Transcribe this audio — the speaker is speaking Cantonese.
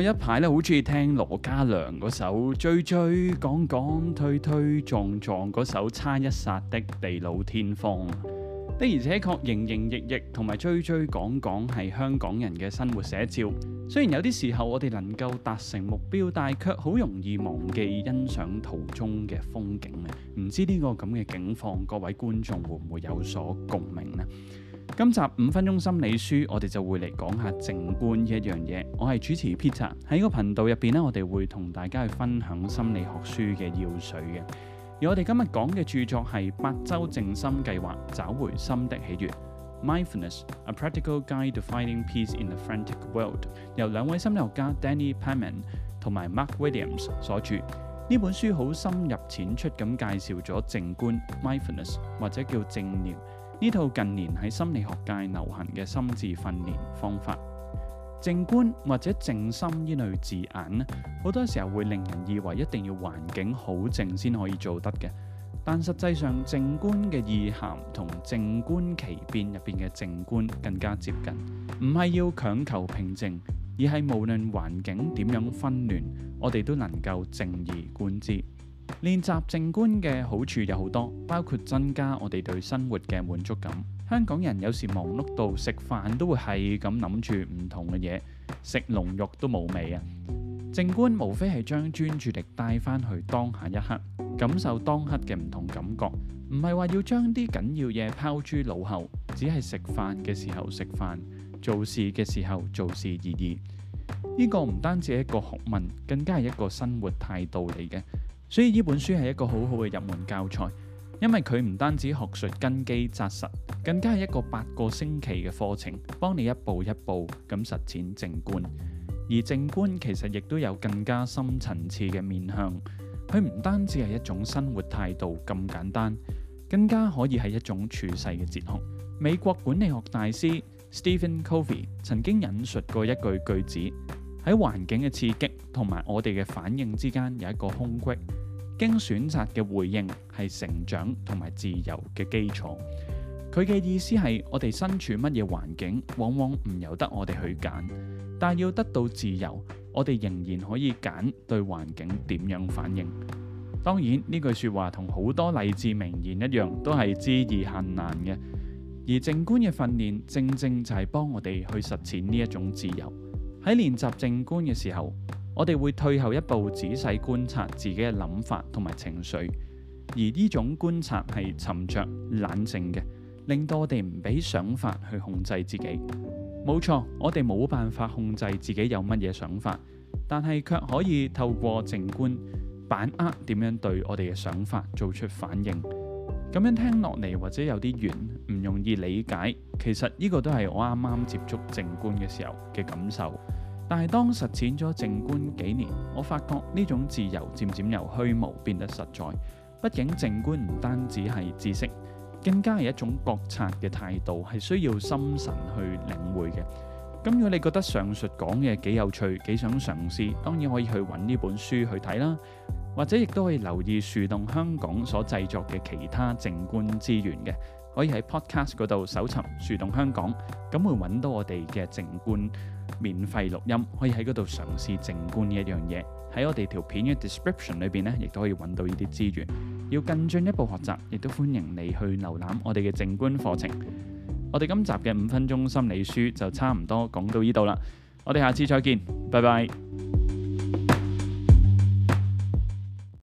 我一排咧好中意聽羅嘉良嗰首追追講講推推撞撞嗰首差一剎的地老天荒，的而且確營營役役同埋追追講講係香港人嘅生活寫照。雖然有啲時候我哋能夠達成目標，但係卻好容易忘記欣賞途中嘅風景。唔知呢個咁嘅境況，各位觀眾會唔會有所共鳴呢？今集五分鐘心理書，我哋就會嚟講下靜觀一樣嘢。我係主持 Peter，喺個頻道入邊咧，我哋會同大家去分享心理學書嘅要水嘅。而我哋今日講嘅著作係《八周靜心計劃：找回心的喜悅 m y n h f n e s A Practical Guide to Finding Peace in the Frantic World），由兩位心理學家 Danny Penman 同埋 Mark Williams 所著。呢本書好深入淺出咁介紹咗靜觀 m y n h f n e s s 或者叫正念。呢套近年喺心理學界流行嘅心智訓練方法，靜觀或者靜心呢類字眼，好多時候會令人以為一定要環境好靜先可以做得嘅。但實際上，靜觀嘅意涵同靜觀其變入邊嘅靜觀更加接近，唔係要強求平靜，而係無論環境點樣紛亂，我哋都能夠靜而觀之。練習靜觀嘅好處有好多，包括增加我哋對生活嘅滿足感。香港人有時忙碌到食飯都會係咁諗住唔同嘅嘢，食龍肉都冇味啊。靜觀無非係將專注力帶返去當下一刻，感受當刻嘅唔同感覺，唔係話要將啲緊要嘢拋諸腦後，只係食飯嘅時候食飯，做事嘅時候做事而已。呢個唔單止係一個學問，更加係一個生活態度嚟嘅。所以呢本書係一個好好嘅入門教材，因為佢唔單止學術根基紮實，更加係一個八個星期嘅課程，幫你一步一步咁實踐靜觀。而靜觀其實亦都有更加深層次嘅面向，佢唔單止係一種生活態度咁簡單，更加可以係一種處世嘅哲學。美國管理學大師 Stephen Covey 曾經引述過一句句子：喺環境嘅刺激同埋我哋嘅反應之間有一個空隙。經選擇嘅回應係成長同埋自由嘅基礎。佢嘅意思係我哋身處乜嘢環境，往往唔由得我哋去揀，但要得到自由，我哋仍然可以揀對環境點樣反應。當然呢句說話同好多勵志名言一樣，都係知易行難嘅。而靜觀嘅訓練，正正就係幫我哋去實踐呢一種自由。喺練習靜觀嘅時候，我哋會退後一步，仔細觀察自己嘅諗法同埋情緒，而呢種觀察係沉着、冷靜嘅，令到我哋唔俾想法去控制自己。冇錯，我哋冇辦法控制自己有乜嘢想法，但係卻可以透過靜觀把握點樣對我哋嘅想法做出反應。咁樣聽落嚟或者有啲遠，唔容易理解。其實呢個都係我啱啱接觸靜觀嘅時候嘅感受。但係當實踐咗靜觀幾年，我發覺呢種自由漸漸由虛無變得實在。畢竟靜觀唔單止係知識，更加係一種覺察嘅態度，係需要心神去領會嘅。咁如果你覺得上述講嘅幾有趣，幾想嘗試，當然可以去揾呢本書去睇啦，或者亦都可以留意樹洞香港所製作嘅其他靜觀資源嘅，可以喺 podcast 嗰度搜尋樹洞香港，咁會揾到我哋嘅靜觀。免費錄音可以喺嗰度嘗試靜觀一呢一樣嘢，喺我哋條片嘅 description 裏邊咧，亦都可以揾到呢啲資源。要更進一步學習，亦都歡迎你去瀏覽我哋嘅靜觀課程。我哋今集嘅五分鐘心理書就差唔多講到呢度啦，我哋下次再見，拜拜。